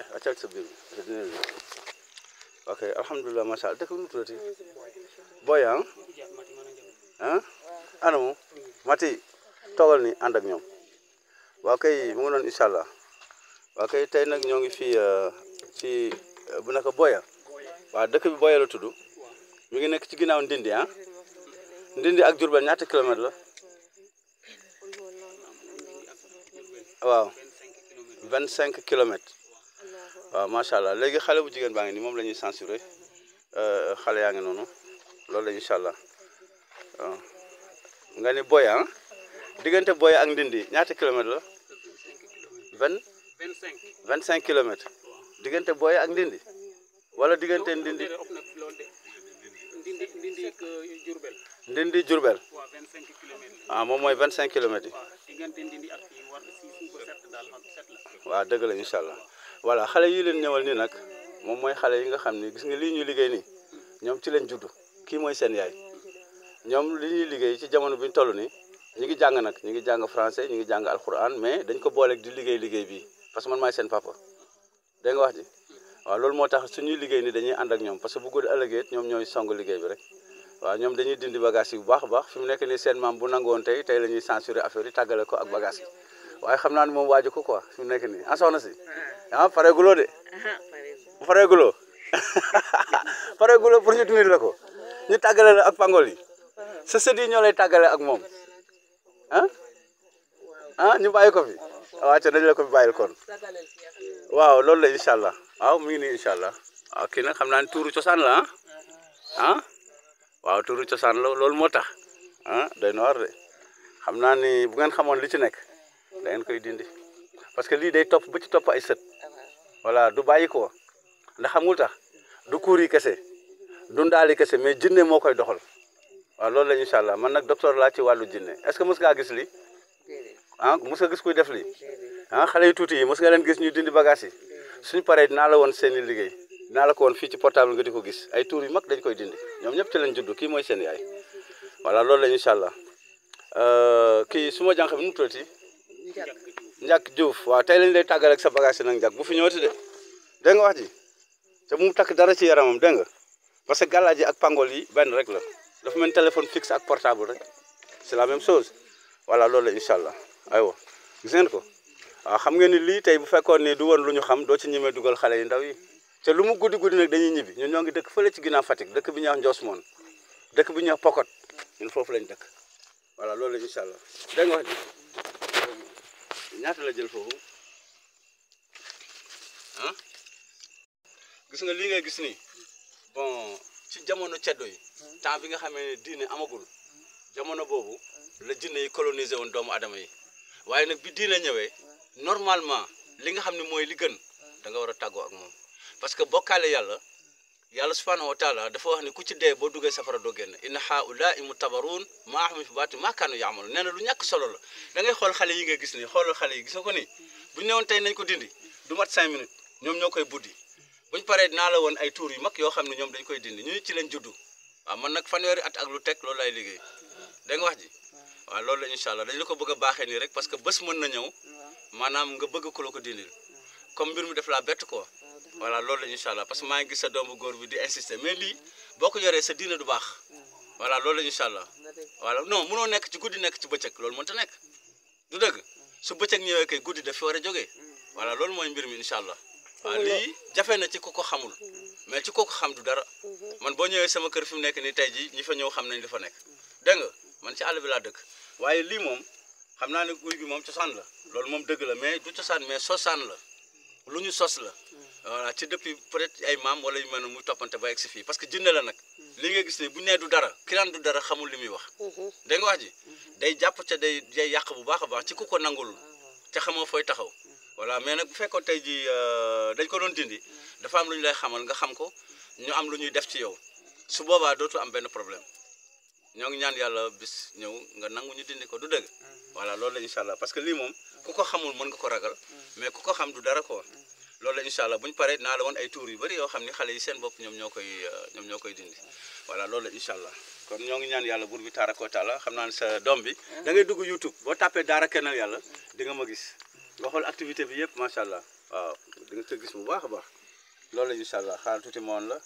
ok accal sa biir allah dëkk bi nu tuddati booy ah ah anamu mati toogal ni ànd ak ñoom waaw kay mu ngi doon incha allah waaw tey nag ñoo ngi fii uh, ci uh, bu naka booya waaw dëkk bi booya la tudd mi ngi nekk ci ginnaaw ndindi ah ndindi ak Diourbel ñaata kilomètre la waaw vingt cinq kilomètres waaw macha allah léegi xale bu jigéen baa ngi ni moom la ñuy censuré euh, xale yaa ngi noonu loolu la allah waaw nga ni ah? diggante Boy ak Ndindi ñaata kilomètres la vingt vingt cinq kilomètres diggante Boy ak Ndindi wala diggante Ndindi. Ndindi jurbel Diourbel. Ndindi Diourbel. ah moom mooy 25 kilomètres yi. waaw la. allah yi leen ñëwal nii nak, moom mooy xale yi nga xam gis nga lii ñuy liggéey nii ñoom ci lañ judd kii mooy seen yaay ñoom li ñuy liggéey ci jamono bi ñu toll nii ngi jàng nag ngi français ngi mais dañ ko di liggéey liggéey bii parce man maay seen papa wax waaw loolu moo tax suñuy liggéey ni dañuy ànd ak ñoom parce que bu guddi ëllëgee ñoom ñooy song liggéey bi rek waaw ñoom dañuy dindi bagage yi bu baax a baax fi mu nekk nii seen maam bu nangoon tey tey la ñuy censuré affaire yi tàggale ko ak bagage yi waaye xam naa ne moom waaju ko quoi fi mu nekk nii ah soxna si ah, ah pareeguloo de pareeguloo pareeguloo pour ñu dindi la ko ñu tàggale la ak pangol yi sa sët yi ñoo lay tàggale ak moom ah ah ñu bàyyi ko fi waaw te dañ la ko bàyyil waaw loolu la incha allah waaw mu ngi allah waaw ah, kii nag xam naa ne tuuru cosaan la ah, ah? waaw tuuru cosaan la lool moo tax ah day de xam naa ni bu ngeen xamoon li ci nekk da koy dindi parce que lii day topp ba ci topp ay sët voilà du bàyyi ko ndax xamul tax du kuur yi kese du ndaal yi kese mais jinne moo koy doxal waaw loolu la incha allah man nag docteur laa ci wàllu jinne est-ce mos ngaa gis lii. ah mos sa gis kuy def li ah xalé yu tuti yi sa len gis ñu dindi bagage yi suñ paré dina la won seen liggéey la ko won fi ci portable nga diko gis ay tour yu mag dañ koy dindi ñom ñep ci lañ judd ki moy seen yaay wala loolu la inshallah allah euh, ki suma jank bi mu tuddati njàkk Diouf waaw lañ lay tagal ak sa bagage nak ñak bu fi ñoti de de nga wax ji te mu tak dara ci yaramam de nga parce que galaji ak pangol yi ben rek la dafa mel téléphone fixe ak portable rek c'est la même chose voilà loolu la aywa gis ngeen ko waaw ah, xam ngeen ni lii tey bu fekkoon ni du woon lu ñu xam doo ci ñemee dugal xale yu ndaw yi te lu mu guddi guddi nag dañuy ñibbi ñun ñoo ngi dëkk fële ci ginnaaw Fatick dëkk bi ñu wax Ndios moon dëkk bi ñuy wax Pokot ñun foofu lañ dëkk voilà loolu la incha allah dégg nga wax ji ñaata la jël foofu ah gis nga lii ngay gis ni bon ci jamono ceddo yi temps bi nga xamee diine amagul jamono boobu la jinne yi coloniser woon doomu adama yi waaye nag bi diine ñëwee normalement li nga xam ne mooy li gën da nga war a tàggoo ak moom parce que bokkaale yàlla yàlla subhaanahu wa taala dafa wax ne ku ci dee boo duggee safara doo génn inna haulaa imu tabaruun maa xam fi baati maa kaanu yaamalu nee na lu ñàkk solo la da ngay xool xale yi nga gis ni xoolal xale yi gis nga ko nii bu ñu newoon tey nañ ko dindi du mat cinq minutes ñoom ñoo koy buddi bu ñu paree naa la woon ay tuur yu mag yoo xam ne ñoom dañ koy dindi ñu ci leen juddu waaw man nag fanweeri at ak lu teg loolu lay liggéey dégg wax ji wa ah, loolu inshallah dañ la ko bëgg baaxé ni rek parce que bëss mëna ñëw manam nga bëgg ko lako dindil comme mbir mi def la bett quoi wala loolu inshallah parce que ma ngi gis sa doomu goor bi di insister mais li boko ko sa dina du baax wala loolu inshallah wala non mëno nekk ci guddi nekk ci bëccëg loolu mënta nekk du dëgg su bëccëg ñëwé kay guddi da fi wara joggé wala mm. voilà moy mbir mi inshallah allah waaw lii na ci koko xamul mm. mais ci koko xam du dara mm-hmm. man bo ñëwé sama kër fi mu nekk ni tay ji ñi fa ñëw xam nañ li fa nekk dégg man ci Allah bi la dëkk waaye lii moom xam naa ne guy bi moom cosaan la loolu moom dëgg la mais du cosaan mais sosaan la lu ñu sos la voilà ci depuis peut-être ay maam wala yu mel ne muy toppante ba egg si fii parce que jinne la nag li nga gis ne bu nee du dara ki naan du dara xamul li muy wax mhm. dégg nga wax ji day jàpp ca day day yàq bu baax a baax ci ku ko nangul te mhm. xamoo fooy taxaw voilà mais nag bu fekkoon tey ji euh, dañ ko doon dindi mhm. dafa am lu ñu lay xamal nga xam ko ñu am lu ñuy def ci yow su boobaa dootu am benn problème ñoo ngi ñaan yàlla bis ñëw nga nangu ñu dindi ko du dëgg. Mm-hmm. voilà loolu la incha allah parce que lii moom ku ko xamul mën nga ko ragal. Mm-hmm. mais ku ko xam du dara ko mm-hmm. loolu la incha allah bu ñu paree naa la woon ay tuur yu bëri yoo xam ni xale yi seen bopp ñoom ñoo koy euh, ñoom ñoo koy dindi voilà loolu la incha allah kon ñoo ngi ñaan yàlla buur bi taara ko taala xam naa sa doom bi. da dugg YouTube boo tàppee Daara Kennel Yàlla di nga ma gis nga xool activité bi yëpp macha allah waaw di nga ko gis bu baax a baax loolu la incha allah xaar tuuti moon la.